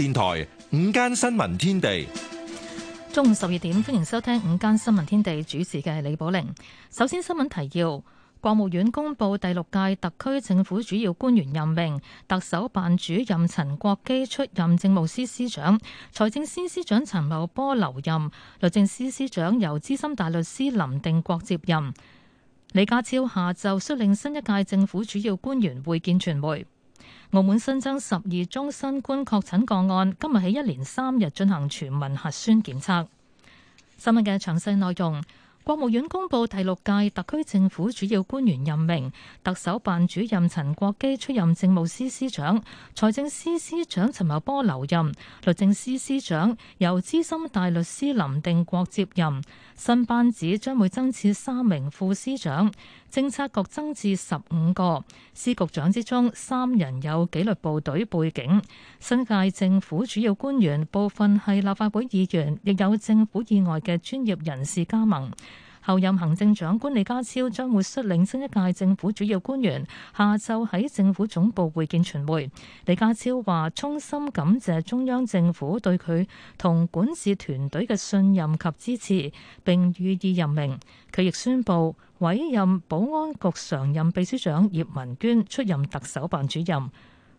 電台午間新聞天地，中午十二點，歡迎收聽午間新聞天地，主持嘅李寶玲。首先新聞提要：國務院公布第六屆特區政府主要官員任命，特首辦主任陳國基出任政務司司長，財政司司長陳茂波留任，律政司司長由資深大律師林定國接任。李家超下晝率領新一屆政府主要官員會見傳媒。澳門新增十二宗新冠確診個案，今日喺一連三日進行全民核酸檢測。新聞嘅詳細內容。國務院公布第六屆特區政府主要官員任命，特首辦主任陳國基出任政務司司長，財政司司長陳茂波留任，律政司司長由資深大律師林定國接任。新班子將會增設三名副司長，政策局增至十五個。司局長之中，三人有紀律部隊背景。新屆政府主要官員部分係立法會議員，亦有政府以外嘅專業人士加盟。候任行政長官李家超將會率領新一屆政府主要官員下晝喺政府總部會見傳媒。李家超話衷心感謝中央政府對佢同管治團隊嘅信任及支持，並予以任命。佢亦宣布委任保安局常任秘書長葉文娟出任特首辦主任。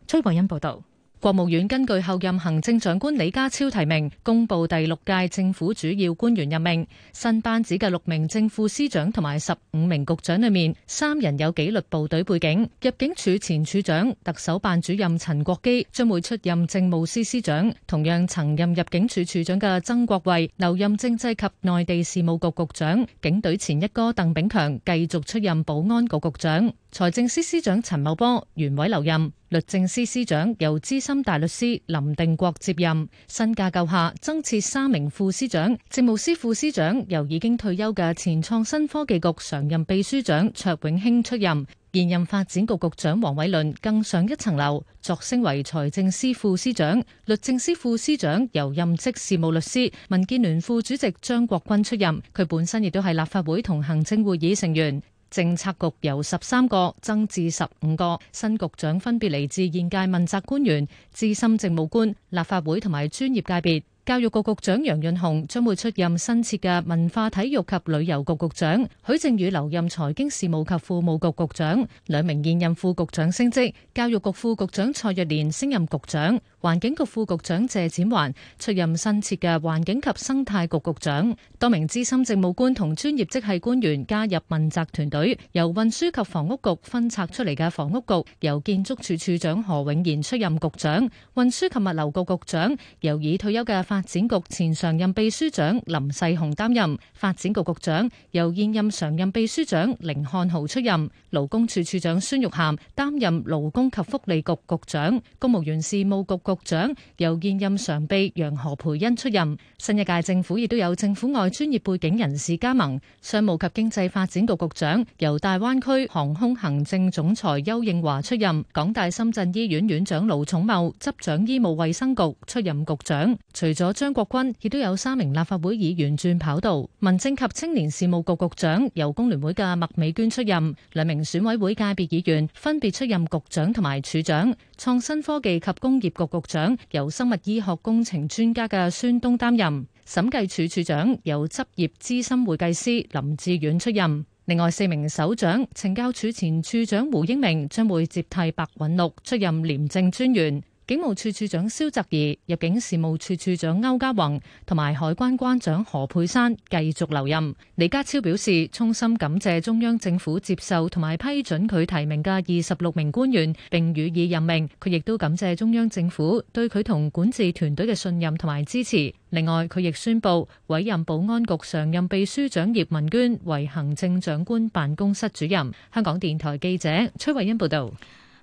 崔慧恩報道。國務院根據候任行政長官李家超提名，公布第六屆政府主要官員任命。新班子嘅六名正副司長同埋十五名局長裏面，三人有紀律部隊背景。入境處前處長、特首辦主任陳國基將會出任政務司司長。同樣曾任入境處處長嘅曾國衛留任政制及內地事務局局長。警隊前一哥鄧炳強繼續出任保安局局長。財政司司長陳茂波原位留任，律政司司長由資深大律師林定國接任。新架構下增設三名副司長，政務司副司長由已經退休嘅前創新科技局常任秘書長卓永興出任。現任發展局局長黃偉綸更上一層樓，擢升為財政司副司長。律政司副司長由任職事務律師、民建聯副主席張國鈞出任。佢本身亦都係立法會同行政會議成員。政策局由十三個增至十五個，新局長分別嚟自現屆問責官員、資深政務官、立法會同埋專業界別。教育局局長楊潤雄將會出任新設嘅文化體育及旅遊局局長，許正宇留任財經事務及庫務局局長，兩名現任副局長升職，教育局副局長蔡若蓮升任局長。環境局副局長謝展環出任新設嘅環境及生態局局長，多名資深政務官同專業職系官員加入問責團隊。由運輸及房屋局分拆出嚟嘅房屋局，由建築署署長何永賢出任局長。運輸及物流局局長由已退休嘅發展局前常任秘書長林世雄擔任。發展局局長由現任常任秘書長凌漢豪出任。勞工處處長孫玉涵擔任勞工及福利局局長。公務員事務局局長局長由現任常秘楊何蓓茵出任，新一屆政府亦都有政府外專業背景人士加盟。商務及經濟發展局局長由大灣區航空行政總裁丘應樺出任，港大深圳醫院院長盧寵茂執掌醫務衛生局出任局長。除咗張國鈞，亦都有三名立法會議員轉跑道。民政及青年事務局局長由工聯會嘅麥美娟出任，兩名選委會界別議員分別出任局長同埋處長。創新科技及工業局局長由生物醫學工程專家嘅孫東擔任，審計處處長由執業資深會計師林志遠出任。另外四名首長，懲教處前處長胡英明將會接替白韞六出任廉政專員。警務處處長蕭澤頤、入境事務處處長歐家宏同埋海關關長何佩珊繼續留任。李家超表示，衷心感謝中央政府接受同埋批准佢提名嘅二十六名官員，並予以任命。佢亦都感謝中央政府對佢同管治團隊嘅信任同埋支持。另外，佢亦宣布委任保安局常任秘書長葉文娟為行政長官辦公室主任。香港電台記者崔慧欣報道。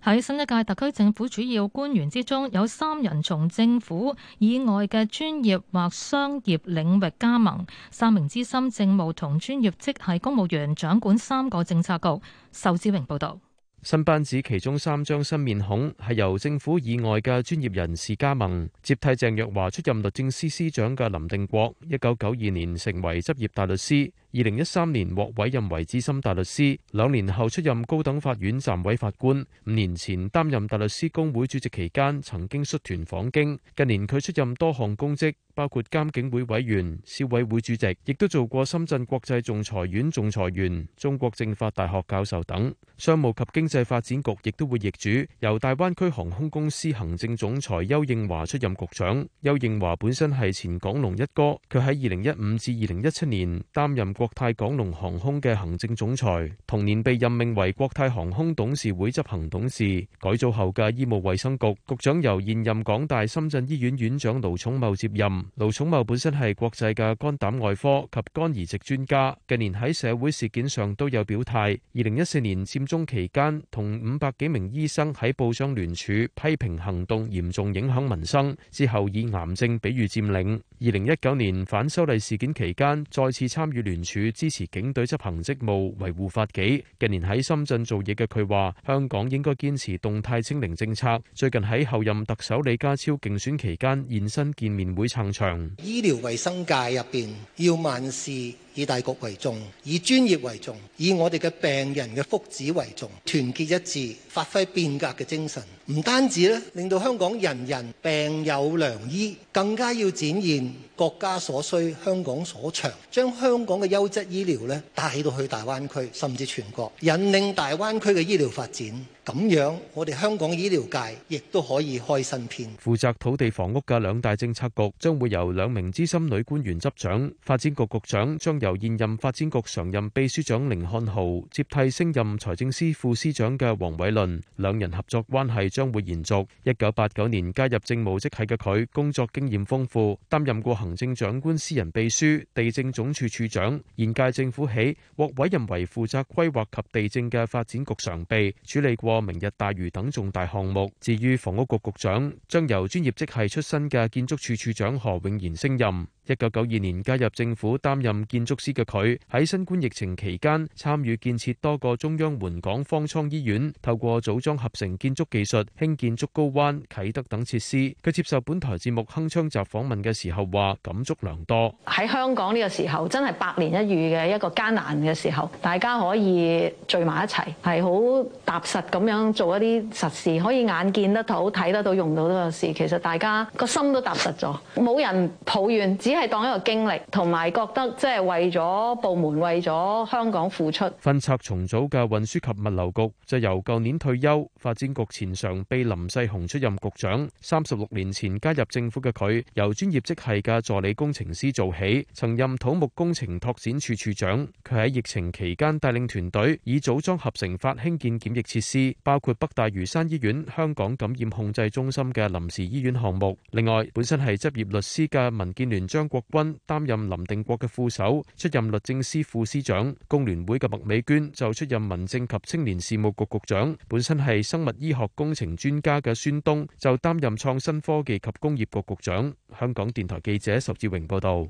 喺新一屆特區政府主要官員之中，有三人從政府以外嘅專業或商業領域加盟，三名資深政務同專業職系公務員掌管三個政策局。仇志榮報道，新班子其中三張新面孔係由政府以外嘅專業人士加盟，接替鄭若驊出任律政司司長嘅林定國，一九九二年成為執業大律師。二零一三年獲委任為資深大律師，兩年後出任高等法院暫委法官。五年前擔任大律師公會主席期間，曾經率團訪京。近年佢出任多項公職，包括監警會委員、消委會主席，亦都做過深圳國際仲裁院仲裁員、中國政法大學教授等。商務及經濟發展局亦都會易主，由大灣區航空公司行政總裁邱應華出任局長。邱應華本身係前港龍一哥，佢喺二零一五至二零一七年擔任。國泰港龍航空嘅行政總裁，同年被任命為國泰航空董事會執行董事。改造後嘅醫務衛生局局長由現任港大深圳醫院院長盧寵茂接任。盧寵茂本身係國際嘅肝膽外科及肝移植專家，近年喺社會事件上都有表態。二零一四年佔中期間，同五百幾名醫生喺報章聯署批評行動嚴重影響民生，之後以癌症比喻佔領。二零一九年反修例事件期間，再次參與聯署支持警隊執行職務，維護法紀。近年喺深圳做嘢嘅佢話：香港應該堅持動態清零政策。最近喺候任特首李家超競選期間現身見面會撐場。醫療衞生界入邊要萬事。以大局為重，以專業為重，以我哋嘅病人嘅福祉為重，團結一致，發揮變革嘅精神，唔單止咧，令到香港人人病有良醫，更加要展現國家所需、香港所長，將香港嘅優質醫療咧帶起到去大灣區，甚至全國引領大灣區嘅醫療發展。咁樣，我哋香港醫療界亦都可以開新篇。負責土地房屋嘅兩大政策局將會由兩名資深女官員執掌，發展局局長將由現任發展局常任秘書長甯漢豪接替升任財政司副司長嘅黃偉綸，兩人合作關係將會延續。一九八九年加入政務職系嘅佢，工作經驗豐富，擔任過行政長官私人秘書、地政總署署長，現屆政府起獲委任為負責規劃及地政嘅發展局常備，處理過明日大嶼等重大項目，至於房屋局局長，將由專業職系出身嘅建築處處長何永賢升任。一九九二年加入政府擔任建築師嘅佢，喺新冠疫情期間參與建設多個中央援港方艙醫院，透過組裝合成建築技術興建竹篙灣、啟德等設施。佢接受本台節目《鏗鏘集》訪問嘅時候話，感觸良多。喺香港呢個時候真係百年一遇嘅一個艱難嘅時候，大家可以聚埋一齊，係好踏實咁樣做一啲實事，可以眼見得到、睇得到、用到呢個事。其實大家個心都踏實咗，冇人抱怨，只係當一個經歷，同埋覺得即係為咗部門、為咗香港付出。分拆重組嘅運輸及物流局，就由舊年退休發展局前常秘林世雄出任局長。三十六年前加入政府嘅佢，由專業職系嘅助理工程師做起，曾任土木工程拓展處處長。佢喺疫情期間帶領團隊，以組裝合成法興建檢疫設施，包括北大嶼山醫院、香港感染控制中心嘅臨時醫院項目。另外，本身係執業律師嘅民建聯將國軍擔任林定國嘅副手，出任律政司副司長。工聯會嘅麥美娟就出任民政及青年事務局局局長。本身係生物醫學工程專家嘅孫東就擔任創新科技及工業局局長。香港電台記者仇志榮報道。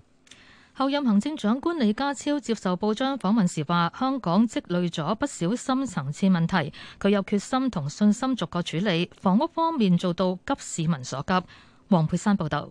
後任行政長官李家超接受報章訪問時話，香港積累咗不少深層次問題，佢有決心同信心逐個處理。房屋方面做到急市民所急。黃佩珊報道。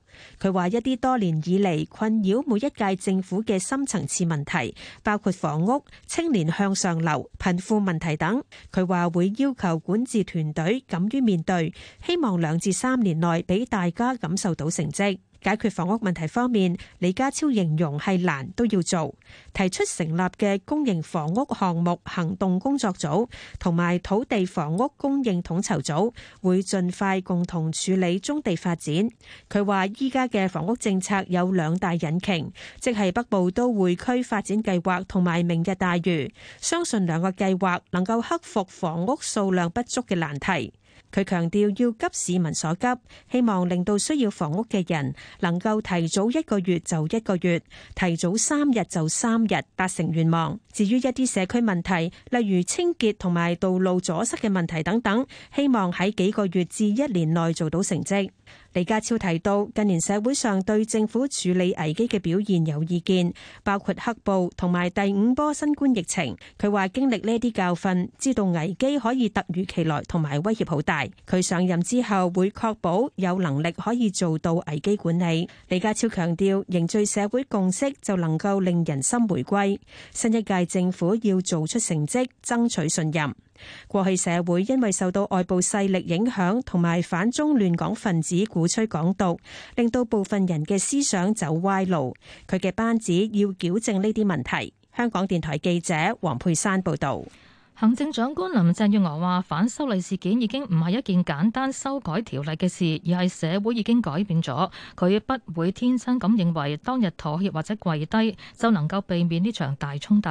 佢話一啲多年以嚟困擾每一屆政府嘅深層次問題，包括房屋、青年向上流、貧富問題等。佢話會要求管治團隊敢於面對，希望兩至三年內俾大家感受到成績。解決房屋問題方面，李家超形容係難都要做，提出成立嘅公營房屋項目行動工作組同埋土地房屋供應統籌組，會盡快共同處理棕地發展。佢話依家嘅房屋政策有兩大引擎，即係北部都會區發展計劃同埋明日大嶼，相信兩個計劃能夠克服房屋數量不足嘅難題。佢強調要急市民所急，希望令到需要房屋嘅人能夠提早一個月就一個月，提早三日就三日達成願望。至於一啲社區問題，例如清潔同埋道路阻塞嘅問題等等，希望喺幾個月至一年內做到成績。李家超提到，近年社會上對政府處理危機嘅表現有意見，包括黑暴同埋第五波新冠疫情。佢話經歷呢啲教訓，知道危機可以突如其來同埋威脅好大。佢上任之後會確保有能力可以做到危機管理。李家超強調，凝聚社會共識就能夠令人心回歸。新一屆政府要做出成績爭取信任。過去社會因為受到外部勢力影響，同埋反中亂港分子鼓吹港獨，令到部分人嘅思想走歪路。佢嘅班子要矯正呢啲問題。香港電台記者黃佩珊報道。行政長官林鄭月娥話：反修例事件已經唔係一件簡單修改條例嘅事，而係社會已經改變咗。佢不會天真咁認為當日妥協或者跪低就能夠避免呢場大衝突。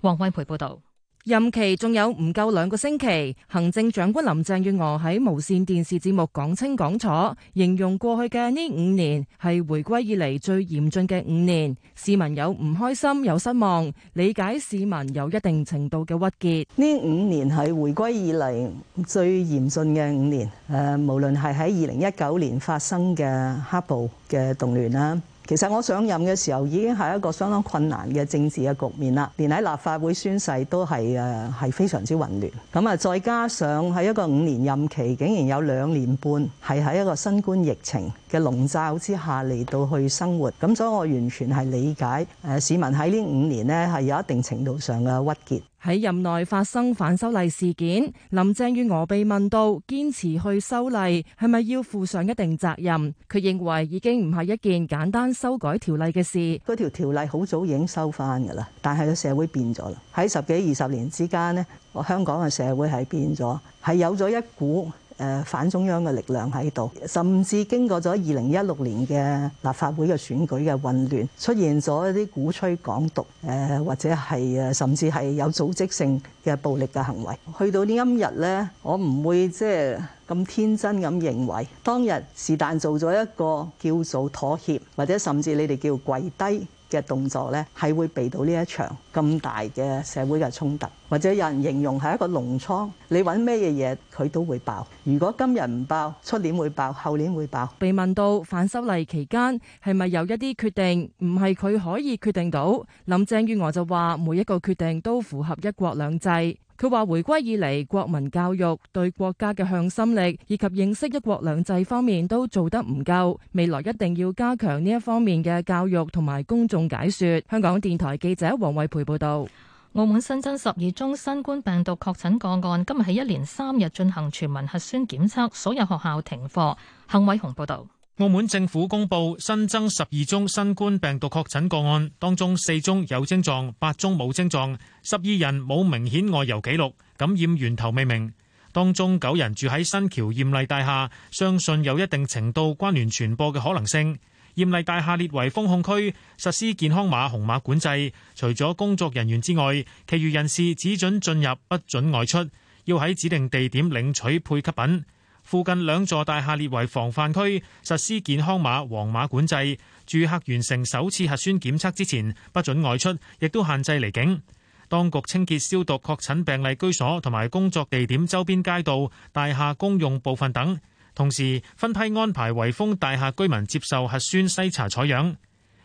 黃惠培報道。任期仲有唔夠兩個星期，行政長官林鄭月娥喺無綫電視節目講清講楚，形容過去嘅呢五年係回歸以嚟，最嚴峻嘅五年，市民有唔開心有失望，理解市民有一定程度嘅鬱結。呢五年係回歸以嚟最嚴峻嘅五年，誒，無論係喺二零一九年發生嘅黑暴嘅動亂啦。其實我上任嘅時候已經係一個相當困難嘅政治嘅局面啦，連喺立法會宣誓都係誒係非常之混亂。咁啊，再加上喺一個五年任期，竟然有兩年半係喺一個新冠疫情嘅籠罩之下嚟到去生活。咁所以，我完全係理解誒市民喺呢五年呢係有一定程度上嘅鬱結。喺任內發生反修例事件，林鄭月娥被問到堅持去修例係咪要負上一定責任？佢認為已經唔係一件簡單修改條例嘅事。嗰條條例好早已經修翻噶啦，但係個社會變咗啦。喺十幾二十年之間咧，我香港嘅社會係變咗，係有咗一股。誒反中央嘅力量喺度，甚至經過咗二零一六年嘅立法會嘅選舉嘅混亂，出現咗一啲鼓吹港獨誒、呃、或者係誒甚至係有組織性嘅暴力嘅行為。去到呢今日咧，我唔會即係咁天真咁認為當日是但做咗一個叫做妥協或者甚至你哋叫跪低嘅動作咧，係會避到呢一場咁大嘅社會嘅衝突。或者有人形容係一個膿瘡，你揾咩嘢嘢佢都會爆。如果今日唔爆，出年會爆，後年會爆。被問到反修例期間，係咪有一啲決定唔係佢可以決定到，林鄭月娥就話，每一個決定都符合一國兩制。佢話回歸以嚟，國民教育對國家嘅向心力以及認識一國兩制方面都做得唔夠，未來一定要加強呢一方面嘅教育同埋公眾解說。香港電台記者黃慧培報道。澳門新增十二宗新冠病毒確診個案，今日係一連三日進行全民核酸檢測，所有學校停課。幸偉雄報道，澳門政府公布新增十二宗新冠病毒確診個案，當中四宗有症狀，八宗冇症狀，十二人冇明顯外遊記錄，感染源頭未明。當中九人住喺新橋艷麗大廈，相信有一定程度關聯傳播嘅可能性。驗麗大廈列為封控區，實施健康碼紅碼管制，除咗工作人員之外，其餘人士只准進入，不准外出，要喺指定地點領取配給品。附近兩座大廈列為防範區，實施健康碼黃碼管制，住客完成首次核酸檢測之前不准外出，亦都限制離境。當局清潔消毒確診病例居所同埋工作地點周邊街道、大廈公用部分等。同時分批安排維豐大廈居民接受核酸篩查採樣。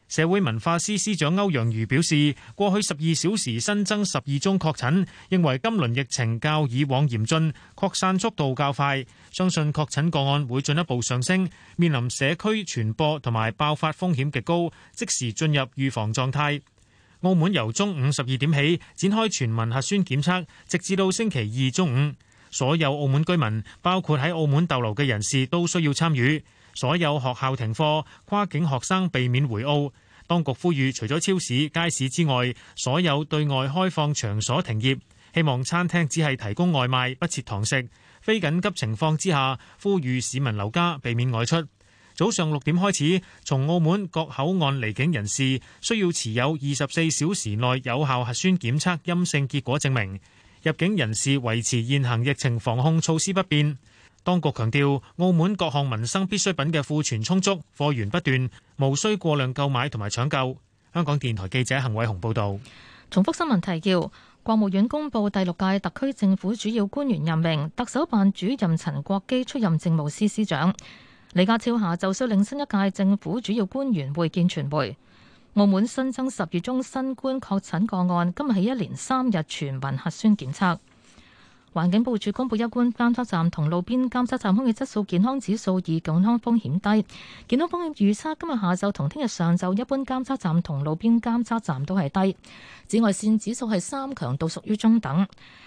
社會文化司司長歐陽瑜表示，過去十二小時新增十二宗確診，認為今輪疫情較以往嚴峻，擴散速度較快，相信確診個案會進一步上升，面臨社區傳播同埋爆發風險極高，即時進入預防狀態。澳門由中午十二點起展開全民核酸檢測，直至到星期二中午。所有澳門居民，包括喺澳門逗留嘅人士，都需要參與。所有學校停課，跨境學生避免回澳。當局呼籲，除咗超市、街市之外，所有對外開放場所停業。希望餐廳只係提供外賣，不設堂食。非緊急情況之下，呼籲市民留家，避免外出。早上六點開始，從澳門各口岸離境人士需要持有二十四小時內有效核酸檢測陰性結果證明。入境人士維持現行疫情防控措施不變，當局強調澳門各項民生必需品嘅庫存充足，貨源不斷，無需過量購買同埋搶購。香港電台記者陳偉雄報道。重複新聞提要：國務院公布第六屆特區政府主要官員任命，特首辦主任陳國基出任政務司司長，李家超下晝率領新一屆政府主要官員會見傳媒。澳門新增十二宗新冠確診個案，今日起一連三日全民核酸檢測。環境保護署公佈一般監測站同路邊監測站空氣質素健康指數以健康風險低，健康風險預測今日下晝同聽日上晝一般監測站同路邊監測站都係低。紫外線指數係三強度，屬於中等。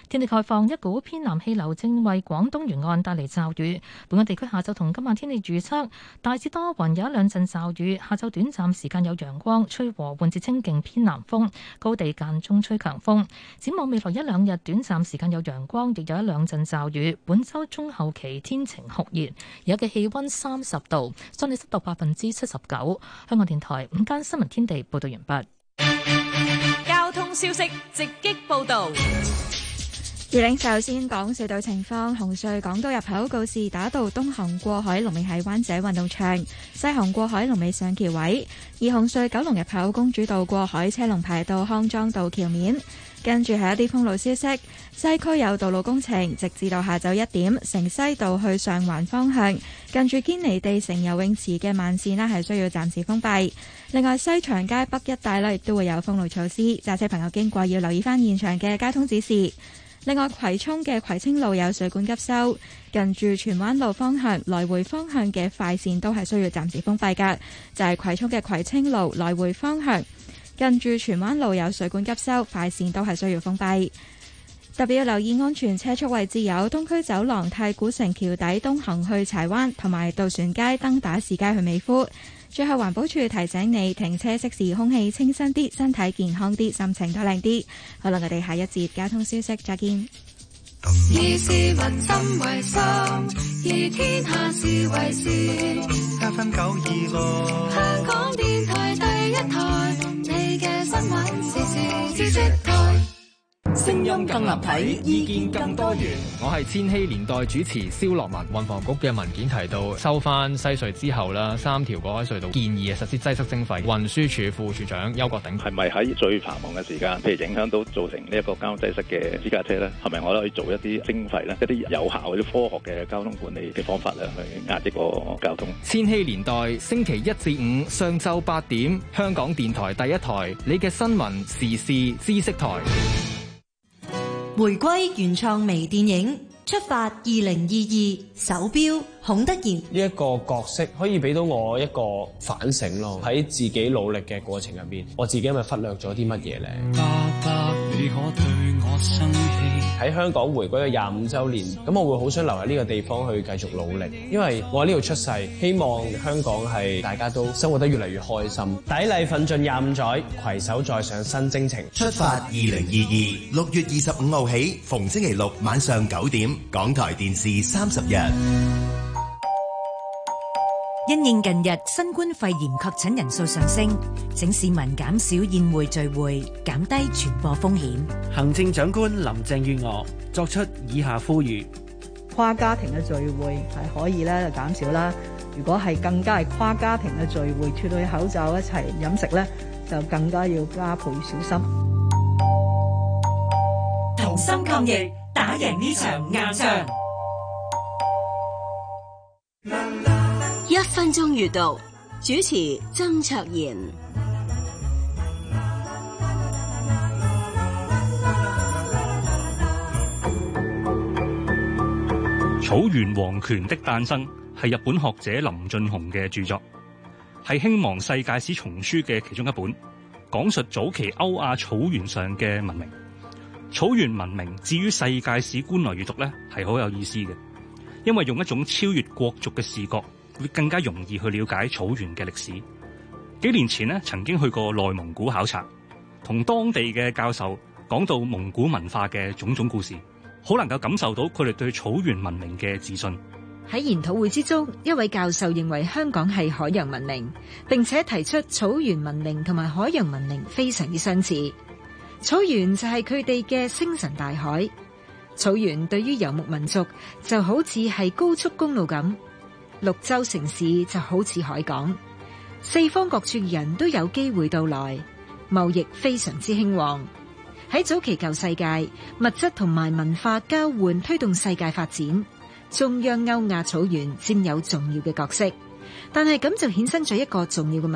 天氣概況，一股偏南氣流正為廣東沿岸帶嚟驟雨。本港地區下晝同今晚天，天氣預測大致多雲，有一兩陣驟雨。下晝短暫時間有陽光，吹和緩至清勁偏南風，高地間中吹強風。展望未來一兩日，短暫時間有陽光。亦有一兩陣驟雨，本周中後期天晴酷熱，而家嘅氣温三十度，相對濕度百分之七十九。香港電台午間新聞天地報道完畢。交通消息直擊報導。首先講隧道情況，紅隧港島入口告士打道東行過海龍尾喺灣仔運動場；西行過海龍尾上橋位。而紅隧九龍入口公主道過海車龍排到康莊道橋面。跟住係一啲封路消息，西區有道路工程，直至到下晝一點。城西道去上環方向，近住堅尼地城游泳池嘅慢線咧係需要暫時封閉。另外，西長街北一帶呢亦都會有封路措施。揸車朋友經過要留意翻現場嘅交通指示。另外，葵涌嘅葵青路有水管急修，近住荃灣路方向來回方向嘅快綫都係需要暫時封閉噶。就係、是、葵涌嘅葵青路來回方向，近住荃灣路有水管急修，快綫都係需要封閉。特別要留意安全車速位置有東區走廊、太古城橋底、東行去柴灣，同埋渡船街、登打士街去美孚。最後，環保處提醒你停車熄匙，空氣清新啲，身體健康啲，心情都靚啲。好啦，我哋下一節交通消息再見。聲音更立體，意見更多元。我係千禧年代主持蕭樂文。運房局嘅文件提到，收翻西隧之後啦，三條過海隧道建議啊，實施擠塞徵費。運輸署副署長邱國鼎係咪喺最繁忙嘅時間，譬如影響到造成呢一個交通擠塞嘅私家車咧，係咪我都可以做一啲徵費咧？一啲有效一啲科學嘅交通管理嘅方法咧，去壓抑個交通。千禧年代星期一至五上晝八點，香港電台第一台你嘅新聞時事知識台。回歸原創微電影《出發二零二二手表》，孔德賢呢一個角色可以俾到我一個反省咯，喺自己努力嘅過程入邊，我自己係咪忽略咗啲乜嘢咧？打打可我喺香港回歸嘅廿五周年，咁我會好想留喺呢個地方去繼續努力，因為我喺呢度出世，希望香港係大家都生活得越嚟越開心。砥礪奮進廿五載，攜手再上新征程。出發二零二二六月二十五號起，逢星期六晚上九點，港台電視三十日。應近日新冠肺炎確診人數上升，請市民減少宴會聚會，減低傳播風險。行政長官林鄭月娥作出以下呼籲：跨家庭嘅聚會係可以咧減少啦，如果係更加係跨家庭嘅聚會，脫去口罩一齊飲食咧，就更加要加倍小心。同心抗疫，打贏呢場硬仗。分鐘閱讀主持曾卓賢，《草原王權的誕生》係日本學者林俊雄嘅著作，係《興亡世界史叢書》嘅其中一本，講述早期歐亞草原上嘅文明。草原文明至於世界史觀來閱讀呢係好有意思嘅，因為用一種超越國族嘅視覺。會更加容易去了解草原嘅歷史。幾年前呢，曾經去過內蒙古考察，同當地嘅教授講到蒙古文化嘅種種故事，好能夠感受到佢哋對草原文明嘅自信。喺研討會之中，一位教授認為香港係海洋文明，並且提出草原文明同埋海洋文明非常之相似。草原就係佢哋嘅星辰大海。草原對於游牧民族就好似係高速公路咁。綠洲城市就好似海港，四方各處人都有機會到來，貿易非常之興旺。喺早期舊世界，物質同埋文化交換推動世界發展，中央歐亞草原佔有重要嘅角色。但係咁就衍生咗一個重要嘅。